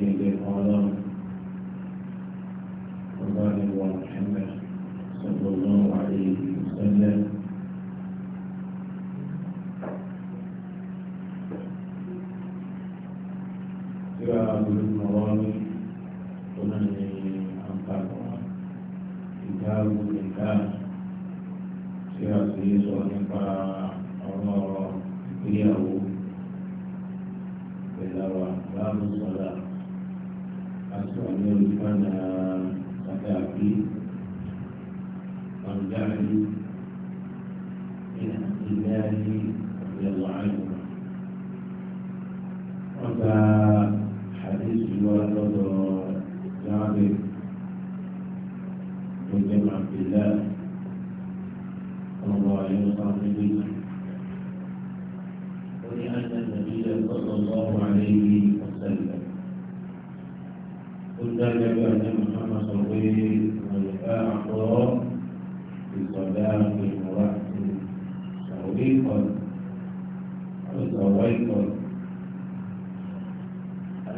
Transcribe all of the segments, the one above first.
déédéé ọlọ́run ọba ìwà Muhammad sallallahu alaihi wasallam. Tíra àbúrò ọ̀rọ̀ mi tó náà ní àǹfààní wọn. Ìdáàbò nìkan tíra sì sọ nípa ọ̀rọ̀ ìgbéyàwó. Ìlàwà bá mi sọ. يرفعنا فتاكي وارجعني من عبد الله رضي الله عنه وكان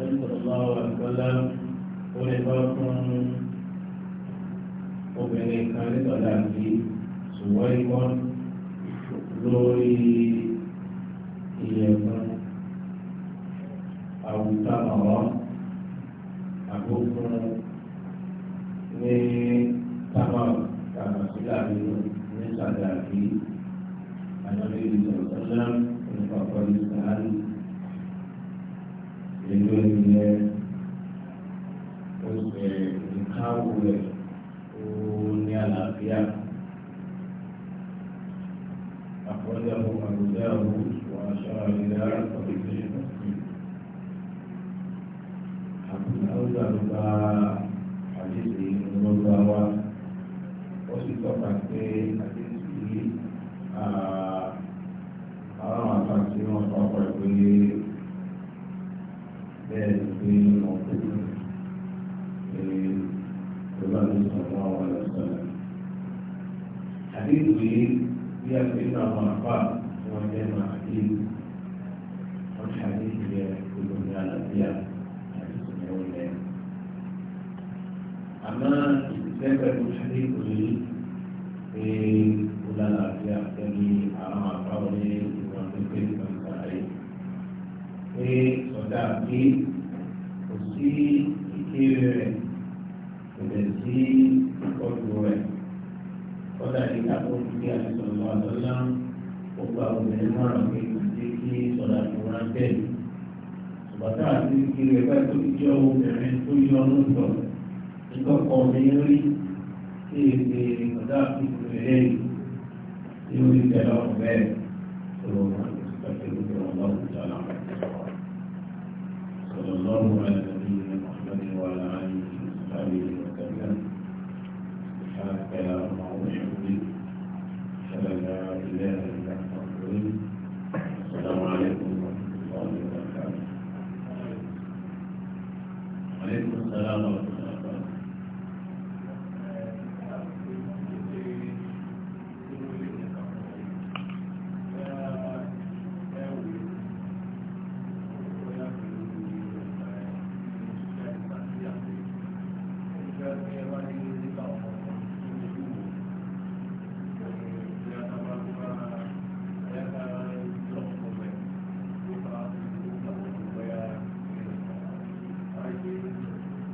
النبي صلى الله عليه وسلم ولفاكم obìnrin kan nígbàdá àti ṣùgbọ́n ikán lórí ìyẹ̀fun àwùjọ àwọn àgbókun ní tábà tàbí sílẹ̀ àbí ní sàdé ẹni yẹn ó ṣe ìkáwó rẹ̀ ó ní àlàáfíà. أخرجه أبو داود وأشار إلى قبيل المسلم أبو داود رضا حديثه رضا وصفة حديثه أرى ما تنسيه وصفة àdéhùn yìí bí a ti nà wọn àpá wọn jẹ mà àdéhùn wọn ti àdéhùn yẹ olómi àlàáfíà àdéhùn yẹ wọn lẹ. àmọ́ ìsẹ́fẹ̀ tó àdéhùn yìí pé ó lára àti àtẹ́lé àwọn àpá wọn ní ìwọ̀n tó pé nǹkan sáré. pé sọ̀dá àbí kò sí ìkéré àwọn àtọ́lá ó gba obìnrin mọ́ra pé kí kí sọ̀dà tó rán bẹ́ẹ̀. bàtà àti kiri ẹgbẹ́ tó ti jọ obìnrin tó yọ ọ́nù sọ ìkọ̀kọ̀ mi rí kí èdè bàtà àti kiri ẹ̀yìn tí ó tẹ̀lé ọ̀pọ̀ bẹ́ẹ̀ tó wọ́n máa ń tẹ̀lé ọ̀pọ̀ ọ̀pọ̀ ọ̀pọ̀ صلى الله على نبينا محمد وعلى اله وصحبه وسلم